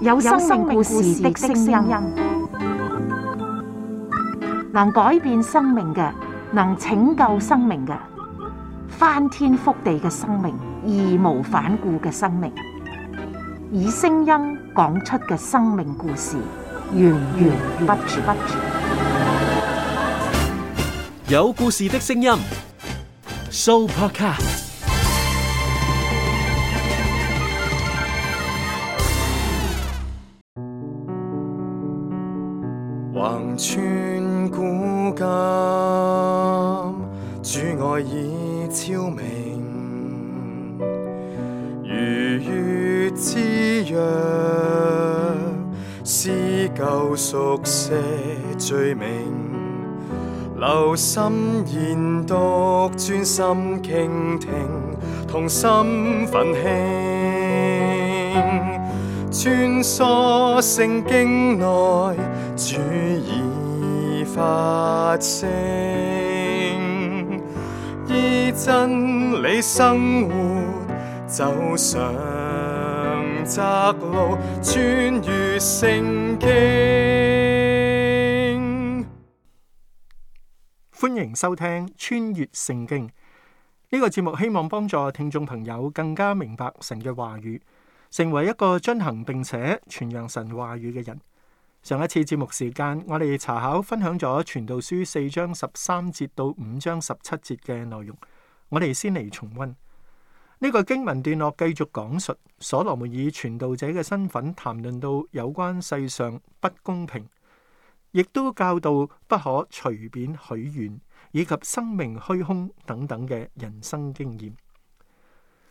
有生命故事的聲音，能改變生命嘅，能拯救生命嘅，翻天覆地嘅生命，義無反顧嘅生命，以聲音講出嘅生命故事，源源不絕。有故事的聲音，Sooopodcast。穿古今，主愛已超明。如月之洋，撕舊宿世罪名。留心研讀，專心傾聽，同心奮興。穿梭聖經內，主已發聲，依真理生活，走上窄路，穿越聖經。歡迎收聽《穿越聖經》呢個節目，希望幫助聽眾朋友更加明白神嘅話語，成為一個遵行，並且傳揚神話語嘅人。上一次節目時間，我哋查考分享咗《傳道書》四章十三節到五章十七節嘅內容，我哋先嚟重溫呢個經文段落。繼續講述所羅門以傳道者嘅身份談論到有關世上不公平，亦都教導不可隨便許願以及生命虛空等等嘅人生經驗。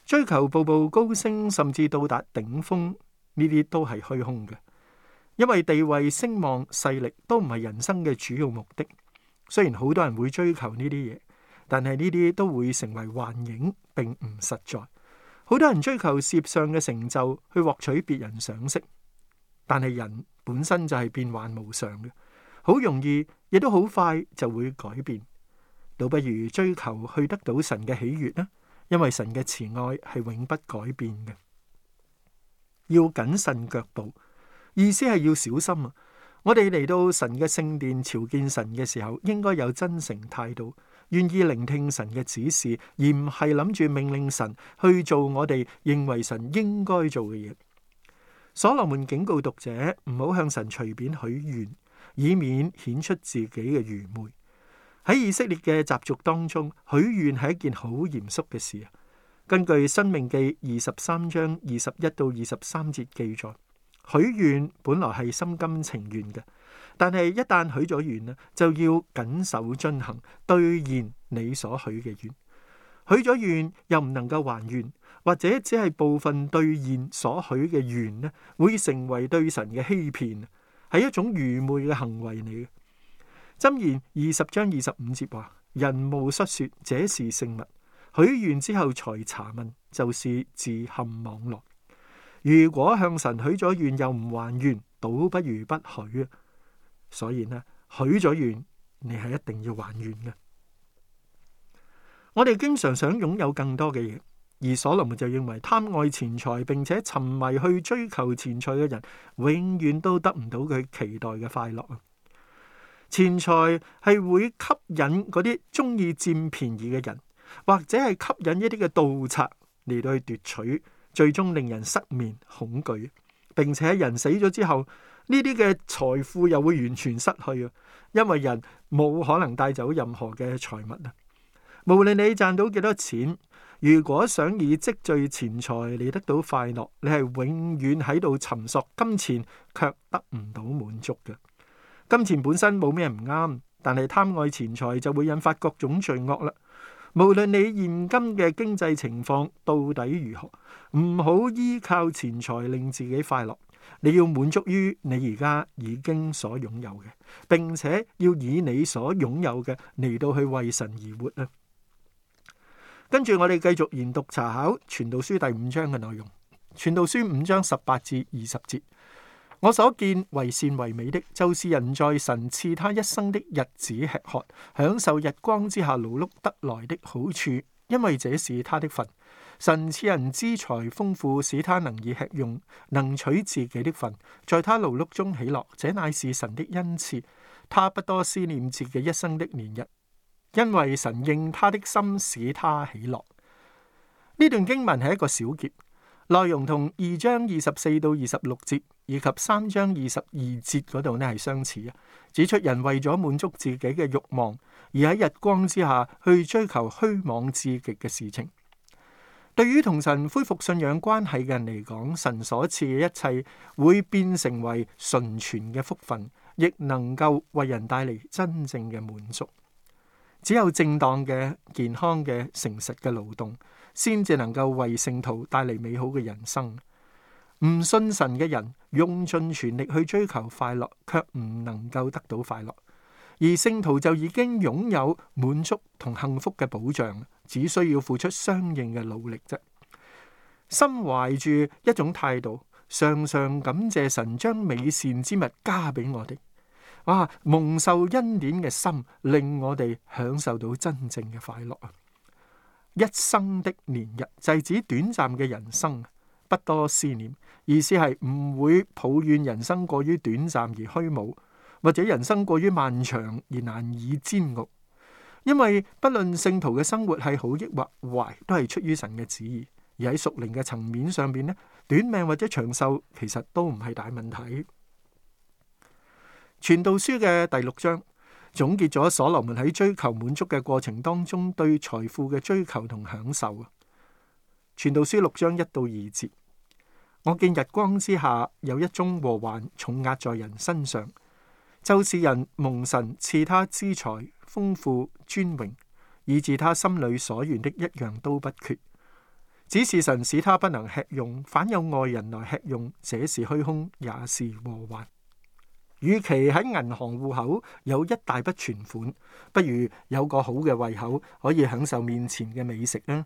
追求步步高升，甚至到達頂峰，呢啲都係虛空嘅，因為地位、聲望、勢力都唔係人生嘅主要目的。雖然好多人會追求呢啲嘢，但係呢啲都會成為幻影，並唔實在。好多人追求攝上嘅成就去獲取別人賞識，但係人本身就係變幻無常嘅，好容易亦都好快就會改變。倒不如追求去得到神嘅喜悅呢？因為神嘅慈愛係永不改變嘅，要謹慎腳步，意思係要小心啊！我哋嚟到神嘅聖殿朝見神嘅時候，應該有真誠態度，願意聆聽神嘅指示，而唔係諗住命令神去做我哋認為神應該做嘅嘢。所羅門警告讀者，唔好向神隨便許願，以免顯出自己嘅愚昧。喺以色列嘅習俗當中，許願係一件好嚴肅嘅事。根據《申命記》二十三章二十一到二十三節記載，許願本來係心甘情願嘅，但係一旦許咗願呢，就要謹守遵行，兌現你所許嘅願。許咗願又唔能夠還願，或者只係部分兌現所許嘅願呢，會成為對神嘅欺騙，係一種愚昧嘅行為嚟嘅。箴言二十章二十五節話：人無失說，這是聖物。許願之後才查問，就是自陷網絡。如果向神許咗願又唔還願，倒不如不許。所以呢，許咗願，你係一定要還願嘅。我哋經常想擁有更多嘅嘢，而所羅門就認為貪愛錢財並且沉迷去追求錢財嘅人，永遠都得唔到佢期待嘅快樂。錢財係會吸引嗰啲中意佔便宜嘅人，或者係吸引一啲嘅盜賊嚟到去奪取，最終令人失眠恐懼，並且人死咗之後，呢啲嘅財富又會完全失去啊！因為人冇可能帶走任何嘅財物啊！無論你賺到幾多錢，如果想以積聚錢財嚟得到快樂，你係永遠喺度尋索金錢，卻得唔到滿足嘅。金錢本身冇咩唔啱，但係貪愛錢財就會引發各種罪惡啦。無論你現今嘅經濟情況到底如何，唔好依靠錢財令自己快樂。你要滿足於你而家已經所擁有嘅，並且要以你所擁有嘅嚟到去為神而活啊！跟住我哋繼續研讀查考《傳道書》第五章嘅內容，《傳道書》五章十八至二十節。我所見為善為美的，就是人在神賜他一生的日子吃喝，享受日光之下勞碌得來的好處，因為這是他的份。神賜人資財豐富，使他能以吃用，能取自己的份，在他勞碌中喜樂。這乃是神的恩賜，他不多思念自己一生的年日，因為神應他的心，使他喜樂。呢段經文係一個小結。內容同二章二十四到二十六節以及三章二十二節嗰度呢係相似啊，指出人為咗滿足自己嘅慾望，而喺日光之下去追求虛妄至極嘅事情。對於同神恢復信仰關係嘅人嚟講，神所賜嘅一切會變成為純全嘅福分，亦能夠為人帶嚟真正嘅滿足。只有正當嘅、健康嘅、誠實嘅勞動。先至能夠為聖徒帶嚟美好嘅人生。唔信神嘅人，用盡全力去追求快樂，卻唔能夠得到快樂；而聖徒就已經擁有滿足同幸福嘅保障，只需要付出相應嘅努力啫。心懷住一種態度，常常感謝神將美善之物加俾我哋。哇！蒙受恩典嘅心，令我哋享受到真正嘅快樂。一生的年日就指短暫嘅人生，不多思念，意思係唔會抱怨人生過於短暫而虛無，或者人生過於漫長而難以煎熬。因為不論聖徒嘅生活係好抑或壞，都係出於神嘅旨意。而喺屬靈嘅層面上邊呢，短命或者長壽，其實都唔係大問題。傳道書嘅第六章。總結咗所羅門喺追求滿足嘅過程當中對財富嘅追求同享受啊。傳道書六章一到二節，我見日光之下有一宗禍患，重壓在人身上。就是人蒙神賜他資財豐富尊榮，以致他心裏所願的一樣都不缺，只是神使他不能吃用，反有外人來吃用，這是虛空，也是禍患。與其喺銀行戶口有一大筆存款，不如有個好嘅胃口可以享受面前嘅美食咧。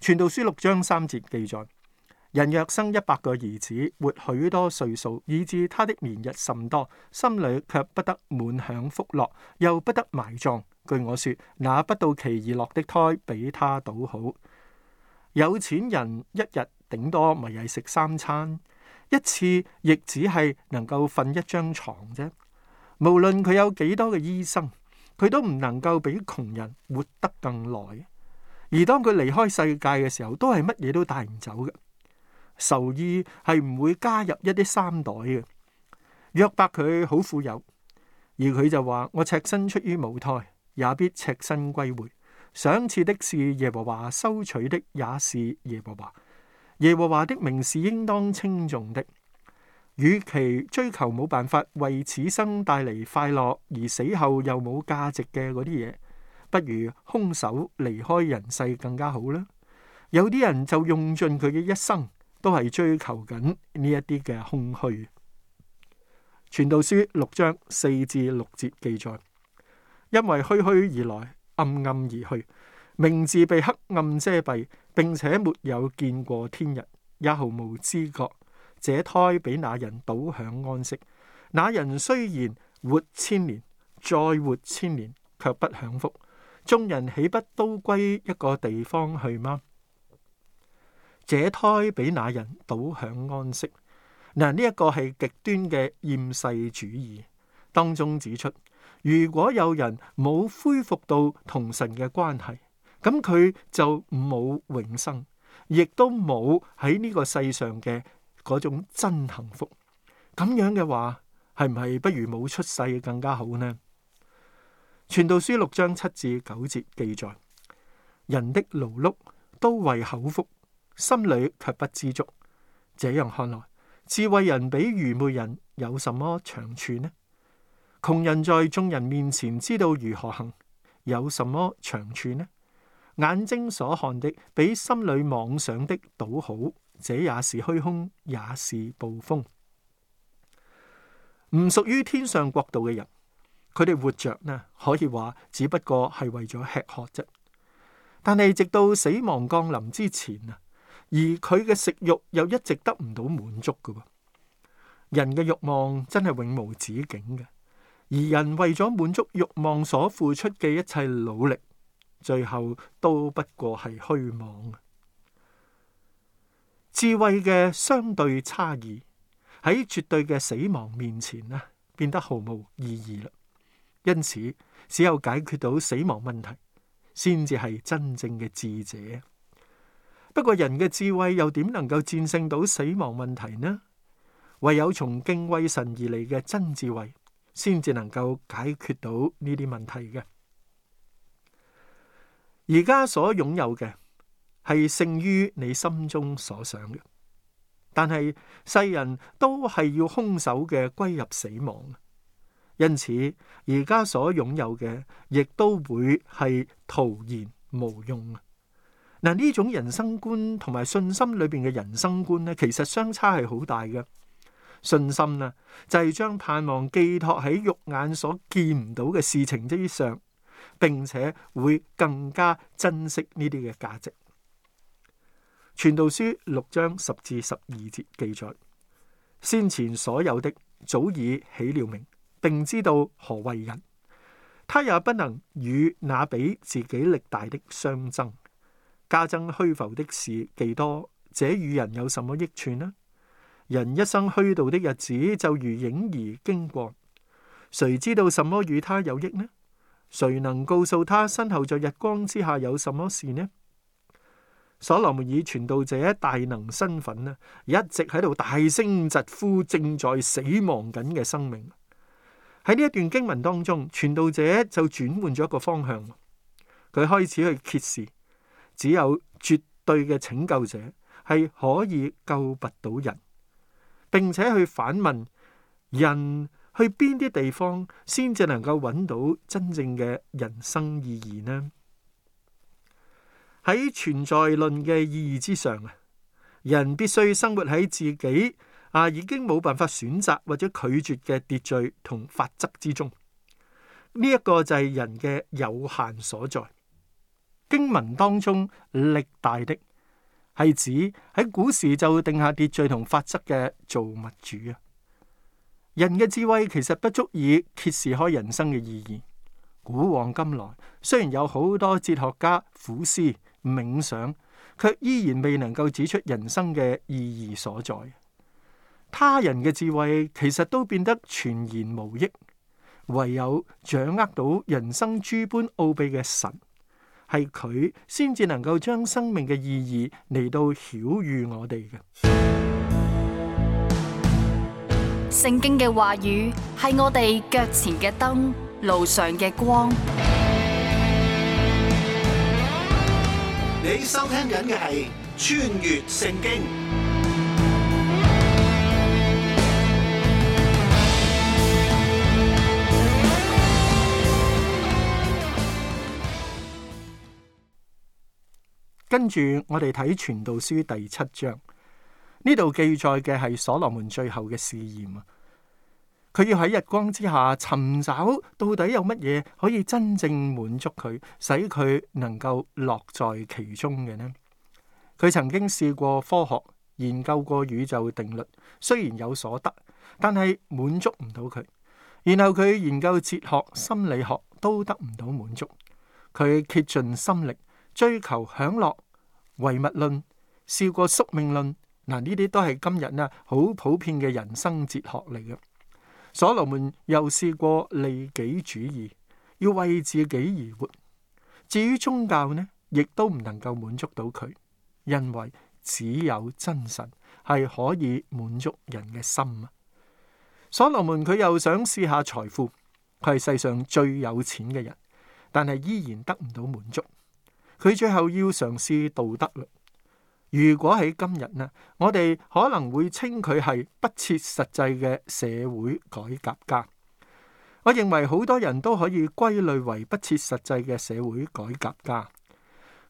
傳道書六章三節記載：人若生一百個兒子，活許多歲數，以致他的年日甚多，心裏卻不得滿享福樂，又不得埋葬。據我說，那不到期而落的胎比他倒好。有錢人一日頂多咪係食三餐。一次亦只係能夠瞓一張床啫，無論佢有幾多嘅醫生，佢都唔能夠比窮人活得更耐。而當佢離開世界嘅時候，都係乜嘢都帶唔走嘅，壽衣係唔會加入一啲衫袋嘅。約伯佢好富有，而佢就話：我赤身出於母胎，也必赤身歸回。賞賜的是耶和華，收取的也是耶和華。耶和華的名是應當稱頌的，與其追求冇辦法為此生帶嚟快樂，而死後又冇價值嘅嗰啲嘢，不如空手離開人世更加好啦。有啲人就用盡佢嘅一生，都係追求緊呢一啲嘅空虛。傳道書六章四至六節記載，因為虛虛而來，暗暗而去，名字被黑暗遮蔽。並且沒有見過天日，也毫無知覺。這胎比那人倒享安息，那人雖然活千年，再活千年，卻不享福。眾人豈不都歸一個地方去嗎？這胎比那人倒享安息。嗱，呢一個係極端嘅厭世主義，當中指出，如果有人冇恢復到同神嘅關係。咁佢就冇永生，亦都冇喺呢個世上嘅嗰種真幸福。咁樣嘅話，係唔係不如冇出世更加好呢？傳道書六章七至九節記載：人的勞碌都為口腹，心裏卻不知足。這樣看來，智慧人比愚昧人有什麼長處呢？窮人在眾人面前知道如何行，有什麼長處呢？眼睛所看的比心裏妄想的倒好，這也是虛空，也是暴風。唔屬於天上國度嘅人，佢哋活着呢，可以話只不過係為咗吃喝啫。但係直到死亡降臨之前啊，而佢嘅食欲又一直得唔到滿足嘅噃。人嘅欲望真係永無止境嘅，而人為咗滿足欲望所付出嘅一切努力。最後都不過係虛妄。智慧嘅相對差異喺絕對嘅死亡面前呢，變得毫無意義啦。因此，只有解決到死亡問題，先至係真正嘅智者。不過，人嘅智慧又點能夠戰勝到死亡問題呢？唯有從敬畏神而嚟嘅真智慧，先至能夠解決到呢啲問題嘅。而家所擁有嘅，係勝於你心中所想嘅，但係世人都係要空手嘅歸入死亡，因此而家所擁有嘅亦都會係徒然無用啊！嗱，呢種人生觀同埋信心裏邊嘅人生觀咧，其實相差係好大嘅。信心咧就係將盼望寄託喺肉眼所見唔到嘅事情之上。並且會更加珍惜呢啲嘅價值。傳道書六章十至十二節記載：先前所有的早已起了名，並知道何為人。他也不能與那比自己力大的相爭。加增虛浮的事既多，這與人有什麼益處呢？人一生虛度的日子就如影兒經過。誰知道什麼與他有益呢？誰能告訴他身後在日光之下有什麼事呢？所羅門以傳道者大能身份呢，一直喺度大聲疾呼正在死亡緊嘅生命。喺呢一段經文當中，傳道者就轉換咗一個方向，佢開始去揭示只有絕對嘅拯救者係可以救拔到人，並且去反問人。去邊啲地方先至能夠揾到真正嘅人生意義呢？喺存在論嘅意義之上啊，人必須生活喺自己啊已經冇辦法選擇或者拒絕嘅秩序同法則之中。呢、這、一個就係人嘅有限所在。經文當中力大的係指喺古時就定下秩序同法則嘅造物主啊。人嘅智慧其實不足以揭示開人生嘅意義。古往今來，雖然有好多哲學家苦思冥想，卻依然未能夠指出人生嘅意義所在。他人嘅智慧其實都變得全然無益，唯有掌握到人生諸般奧秘嘅神，係佢先至能夠將生命嘅意義嚟到曉喻我哋嘅。聖經嘅話語係我哋腳前嘅燈，路上嘅光。你收聽緊嘅係《穿越聖經》。跟住我哋睇《傳道書》第七章。呢度記載嘅係所羅門最後嘅試驗啊。佢要喺日光之下尋找到底有乜嘢可以真正滿足佢，使佢能夠樂在其中嘅呢？佢曾經試過科學，研究過宇宙定律，雖然有所得，但係滿足唔到佢。然後佢研究哲學、心理學都得唔到滿足，佢竭盡心力追求享樂、唯物論，試過宿命論。嗱，呢啲都係今日呢好普遍嘅人生哲學嚟嘅。所羅門又試過利己主義，要為自己而活。至於宗教呢，亦都唔能夠滿足到佢，因為只有真神係可以滿足人嘅心啊。所羅門佢又想試下財富，佢係世上最有錢嘅人，但係依然得唔到滿足。佢最後要嘗試道德嘞。如果喺今日呢，我哋可能會稱佢係不切實際嘅社會改革家。我認為好多人都可以歸類為不切實際嘅社會改革家。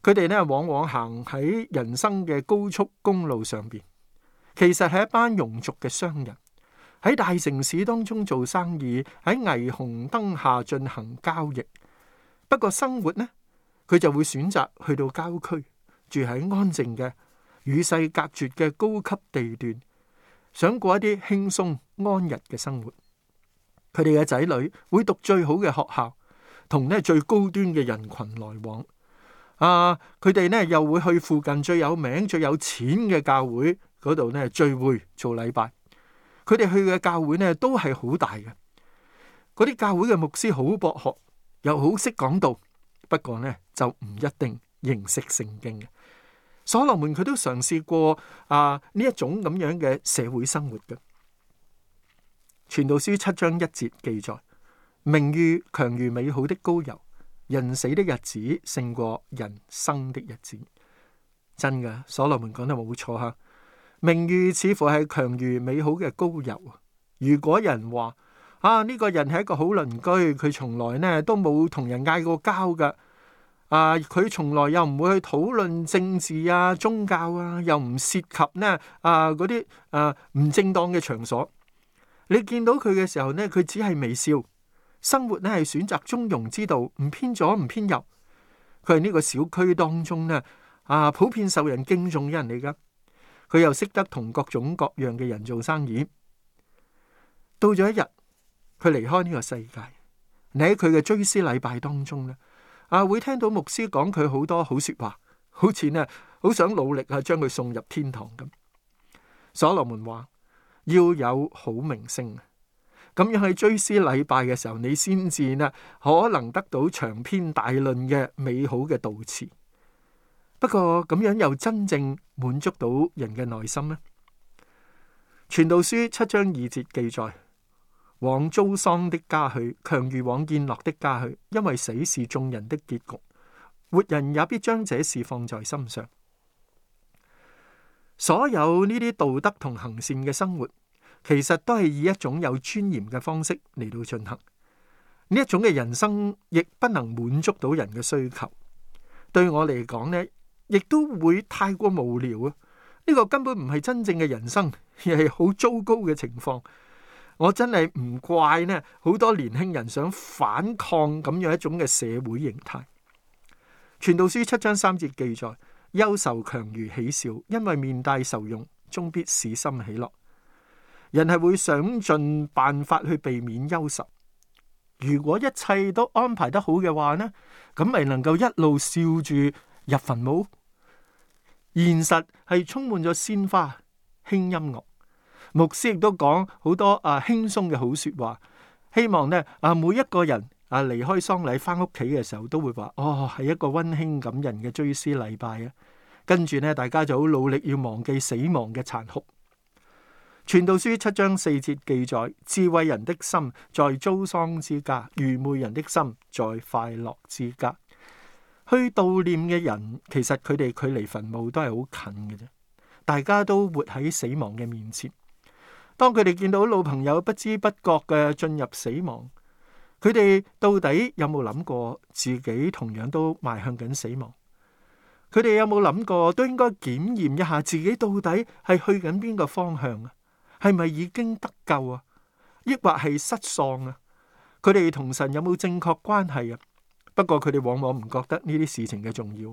佢哋呢往往行喺人生嘅高速公路上邊，其實係一班庸俗嘅商人喺大城市當中做生意，喺霓虹燈下進行交易。不過生活呢，佢就會選擇去到郊區，住喺安靜嘅與世隔絕嘅高級地段，想過一啲輕鬆安逸嘅生活。佢哋嘅仔女會讀最好嘅學校，同呢最高端嘅人群來往。啊，佢哋呢又會去附近最有名、最有錢嘅教會嗰度呢聚會做禮拜。佢哋去嘅教會呢都係好大嘅，啲教會嘅牧師好博學，又好識講道。不過呢，就唔一定認識聖經嘅。所羅門佢都嘗試過啊呢一種咁樣嘅社會生活嘅。傳道書七章一節記載：名譽強如美好的膏油，人死的日子勝過人生的日子。真嘅，所羅門講得冇錯吓，名譽似乎係強如美好嘅膏油。如果人話啊呢個人係一個好鄰居，佢從來呢都冇同人嗌過交噶啊！佢從來又唔會去討論政治啊、宗教啊，又唔涉及呢啊嗰啲誒唔正當嘅場所。你見到佢嘅時候呢，佢只係微笑。生活呢係選擇中庸之道，唔偏左唔偏右。佢係呢個小區當中呢啊普遍受人敬重嘅人嚟㗎。佢又識得同各種各樣嘅人做生意。到咗一日，佢離開呢個世界。你喺佢嘅追思禮拜當中呢，啊！會聽到牧師講佢好多好說話，好似咧好想努力啊，將佢送入天堂咁。所羅門話要有好名聲，咁樣去追思禮拜嘅時候，你先至咧可能得到長篇大論嘅美好嘅悼詞。不過咁樣又真正滿足到人嘅內心咧？傳道書七章二節記載。往遭喪的家去，強如往宴樂的家去，因為死是眾人的結局，活人也必將這事放在心上。所有呢啲道德同行善嘅生活，其實都係以一種有尊嚴嘅方式嚟到進行。呢一種嘅人生，亦不能滿足到人嘅需求。對我嚟講呢，亦都會太過無聊啊！呢、這個根本唔係真正嘅人生，而係好糟糕嘅情況。我真係唔怪呢，好多年輕人想反抗咁樣一種嘅社會形態。《傳道書》七章三節記載：憂愁強如喜笑，因為面帶愁容，終必使心喜樂。人係會想盡辦法去避免憂愁。如果一切都安排得好嘅話呢？咁咪能夠一路笑住入墳墓。現實係充滿咗鮮花、輕音樂。牧師亦都講好多啊輕鬆嘅好說話，希望呢啊每一個人啊離開喪禮翻屋企嘅時候都會話哦係一個溫馨感人嘅追思禮拜啊，跟住呢，大家就好努力要忘記死亡嘅殘酷。傳道書七章四節記載：智慧人的心在遭喪之家，愚昧人的心在快樂之家。去悼念嘅人，其實佢哋距離墳墓都係好近嘅啫，大家都活喺死亡嘅面前。當佢哋見到老朋友不知不覺嘅進入死亡，佢哋到底有冇諗過自己同樣都邁向緊死亡？佢哋有冇諗過都應該檢驗一下自己到底係去緊邊個方向啊？係咪已經得救啊？抑或係失喪啊？佢哋同神有冇正確關係啊？不過佢哋往往唔覺得呢啲事情嘅重要，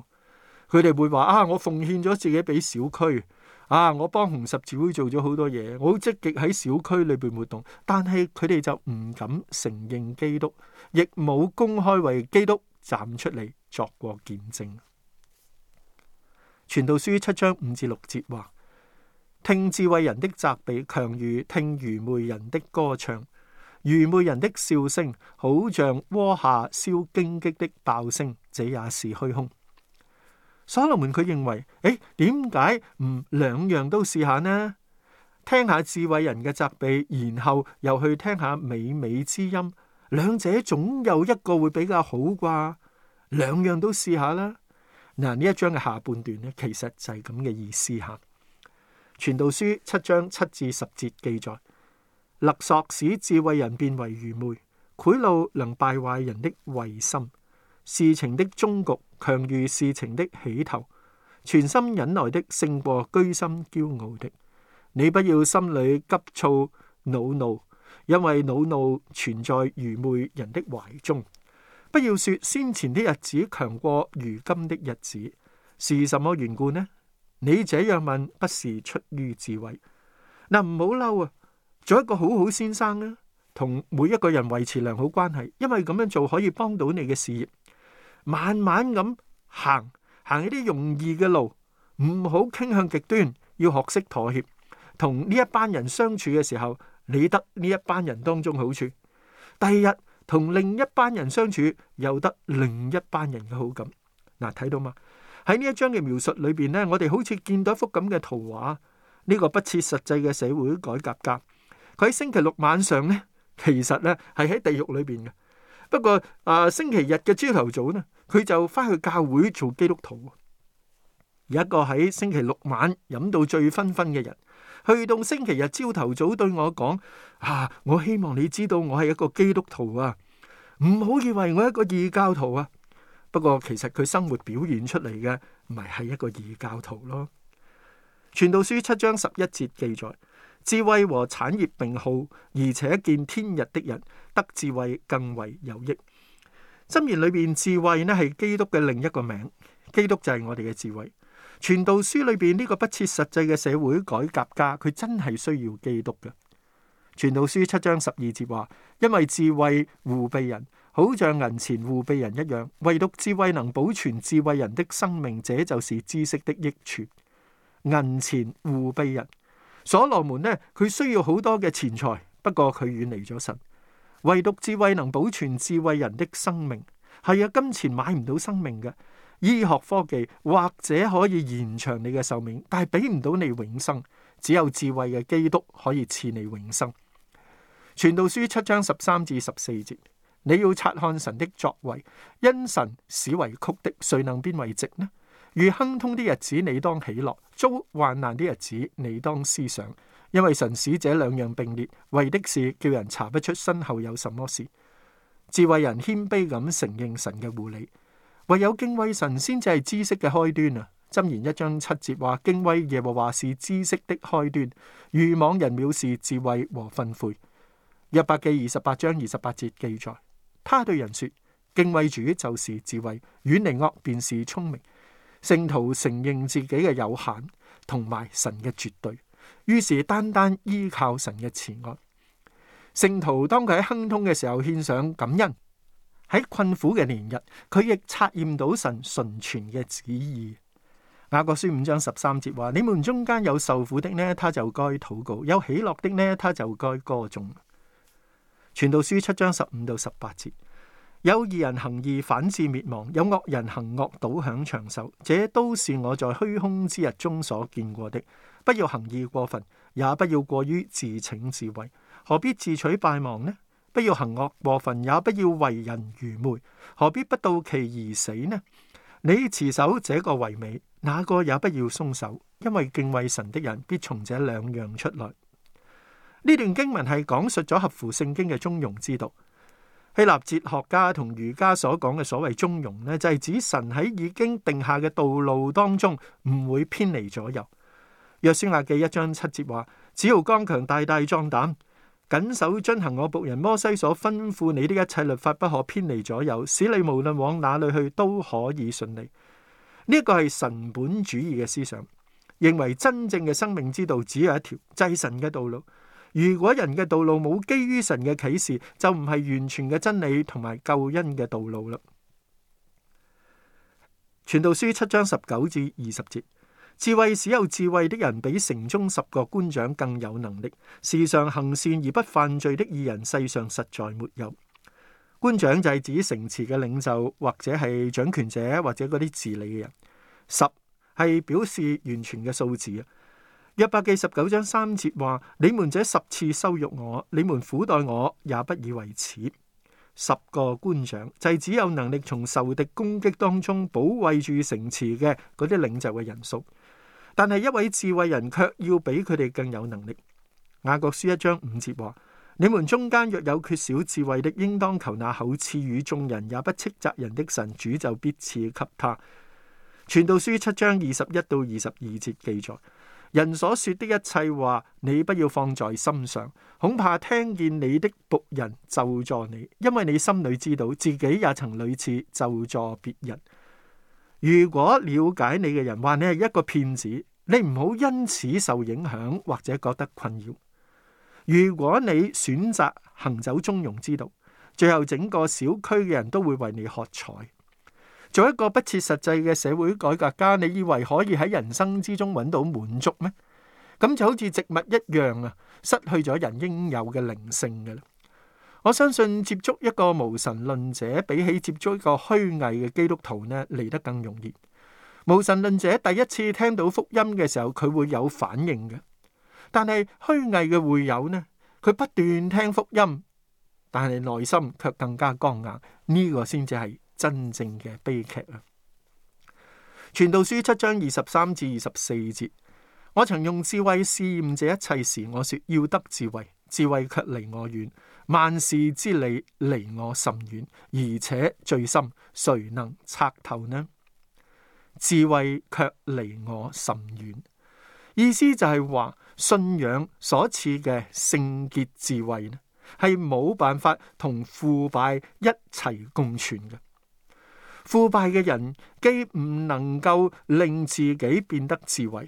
佢哋會話啊，我奉獻咗自己俾小區。啊！我幫紅十字會做咗好多嘢，我好積極喺小區裏邊活動，但係佢哋就唔敢承認基督，亦冇公開為基督站出嚟作過見證。傳道書七章五至六節話：聽智慧人的責備，強如聽愚昧人的歌唱；愚昧人的笑聲，好像鍋下燒荊棘的爆聲，這也是虛空。所羅門佢認為，誒，點解唔兩樣都試下呢？聽下智慧人嘅責備，然後又去聽下靡靡之音，兩者總有一個會比較好啩？兩樣都試下啦。嗱，呢一章嘅下半段呢，其實就係咁嘅意思吓。傳道書七章七至十節記載：勒索使智慧人變為愚昧，賄賂能敗壞人的慧心。事情的終局強於事情的起頭，全心忍耐的勝過居心驕傲的。你不要心裏急躁惱怒，no, no, 因為惱怒、no, no, 存在愚昧人的懷中。不要說先前的日子強過如今的日子，是什麼緣故呢？你這樣問不是出於智慧。嗱、啊，唔好嬲啊，做一個好好先生啦，同每一個人維持良好關係，因為咁樣做可以幫到你嘅事業。慢慢咁行，行一啲容易嘅路，唔好傾向極端，要學識妥協。同呢一班人相處嘅時候，你得呢一班人當中好處；第二日同另一班人相處，又得另一班人嘅好感。嗱、啊，睇到嘛？喺呢一章嘅描述裏邊呢，我哋好似見到一幅咁嘅圖畫。呢、這個不切實際嘅社會改革家，佢喺星期六晚上呢，其實呢，係喺地獄裏邊嘅。不過啊，星期日嘅朝頭早呢，佢就翻去教會做基督徒。一個喺星期六晚飲到醉醺醺嘅人，去到星期日朝頭早對我講：啊，我希望你知道我係一個基督徒啊，唔好以為我係一個異教徒啊。不過其實佢生活表現出嚟嘅，唔係係一個異教徒咯。傳道書七章十一節記載。智慧和產業並好，而且見天日的人得智慧更為有益。箴言裏邊智慧呢係基督嘅另一個名，基督就係我哋嘅智慧。傳道書裏邊呢、這個不切實際嘅社會改革家，佢真係需要基督嘅。傳道書七章十二節話：因為智慧護庇人，好像銀錢護庇人一樣。唯獨智慧能保存智慧人的生命，者，就是知識的益處。銀錢護庇人。所羅門呢，佢需要好多嘅錢財，不過佢遠離咗神。唯獨智慧能保存智慧人的生命，係啊，金錢買唔到生命嘅。醫學科技或者可以延長你嘅壽命，但係俾唔到你永生。只有智慧嘅基督可以賜你永生。傳道書七章十三至十四節，你要察看神的作為，因神使為曲的，誰能變為直呢？遇亨通的日子，你當喜樂；遭患難的日子，你當思想。因為神使這兩樣並列，為的是叫人查不出身後有什麼事。智慧人謙卑咁承認神嘅護理，唯有敬畏神先至係知識嘅開端啊。箴言一章七節話：敬畏耶和華是知識的開端。愚妄人藐視智慧和訓誨。約伯記二十八章二十八節記載，他對人說：敬畏主就是智慧，遠離惡便是聰明。聖徒承認自己嘅有限，同埋神嘅絕對，於是單單依靠神嘅慈愛。聖徒當佢喺亨通嘅時候獻上感恩，喺困苦嘅年日，佢亦察驗到神純全嘅旨意。雅各書五章十三節話：「你們中間有受苦的呢，他就該禱告；有喜樂的呢，他就該歌頌。」傳道書七章十五到十八節。有義人行義反致滅亡，有惡人行惡倒享長壽。這都是我在虛空之日中所見過的。不要行義過分，也不要過於自逞智慧，何必自取敗亡呢？不要行惡過分，也不要為人愚昧，何必不到期而死呢？你持守這個為美，那個也不要鬆手，因為敬畏神的人必從這兩樣出來。呢段經文係講述咗合乎聖經嘅中庸之道。希臘哲學家同儒家所講嘅所謂中庸呢，就係、是、指神喺已經定下嘅道路當中唔會偏離左右。約書亞記一章七節話：只要剛強、大大壯膽、壯膽、謹守、遵行我僕人摩西所吩咐你的一切律法，不可偏離左右，使你無論往哪裏去都可以順利。呢一個係神本主義嘅思想，認為真正嘅生命之道只有一條，祭神嘅道路。如果人嘅道路冇基於神嘅啟示，就唔係完全嘅真理同埋救恩嘅道路啦。傳道書七章十九至二十節：智慧使有智慧的人，比城中十個官長更有能力。時常行善而不犯罪的義人，世上實在沒有。官長就係指城池嘅領袖或者係掌權者或者嗰啲治理嘅人。十係表示完全嘅數字啊。約伯記十九章三節話：你們這十次羞辱我，你們苦待我，也不以為恥。十個官長就係、是、指有能力從受敵攻擊當中保衛住城池嘅嗰啲領袖嘅人數，但係一位智慧人卻要比佢哋更有能力。雅各書一章五節話：你們中間若有缺少智慧的，應當求那厚賜與眾人也不斥責人的神，主就必賜給他。傳道書七章二十一到二十二節記載。人所說的一切話，你不要放在心上，恐怕聽見你的僕人咒詛你，因為你心裏知道自己也曾屢次咒詛別人。如果了解你嘅人話你係一個騙子，你唔好因此受影響或者覺得困擾。如果你選擇行走中庸之道，最後整個小區嘅人都會為你喝彩。做一個不切實際嘅社會改革家，你以為可以喺人生之中揾到滿足咩？咁就好似植物一樣啊，失去咗人應有嘅靈性嘅啦。我相信接觸一個無神論者，比起接觸一個虛偽嘅基督徒呢，嚟得更容易。無神論者第一次聽到福音嘅時候，佢會有反應嘅，但係虛偽嘅會友呢？佢不斷聽福音，但係內心卻更加剛硬。呢、這個先至係。真正嘅悲劇啊！傳道書七章二十三至二十四節，我曾用智慧試驗這一切時，我說要得智慧，智慧卻離我遠；萬事之理離我甚遠，而且最深，誰能測透呢？智慧卻離我甚遠，意思就係話信仰所賜嘅聖潔智慧呢，係冇辦法同腐敗一齊共存嘅。腐敗嘅人既唔能夠令自己變得智慧，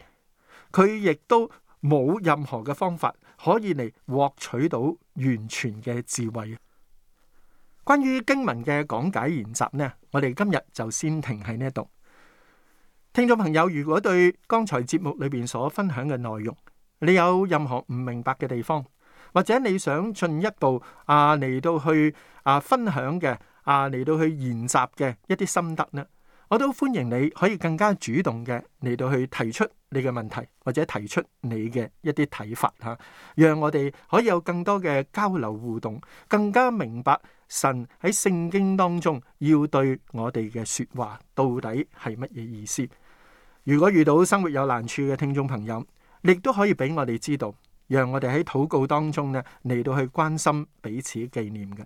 佢亦都冇任何嘅方法可以嚟獲取到完全嘅智慧。關於經文嘅講解研習呢，我哋今日就先停喺呢一度。聽眾朋友，如果對剛才節目裏邊所分享嘅內容，你有任何唔明白嘅地方，或者你想進一步啊嚟到去啊分享嘅。啊，嚟到去研習嘅一啲心得咧，我都歡迎你可以更加主動嘅嚟到去提出你嘅問題，或者提出你嘅一啲睇法吓，讓我哋可以有更多嘅交流互動，更加明白神喺聖經當中要對我哋嘅說話到底係乜嘢意思。如果遇到生活有難處嘅聽眾朋友，你亦都可以俾我哋知道，讓我哋喺禱告當中咧嚟到去關心彼此紀念嘅。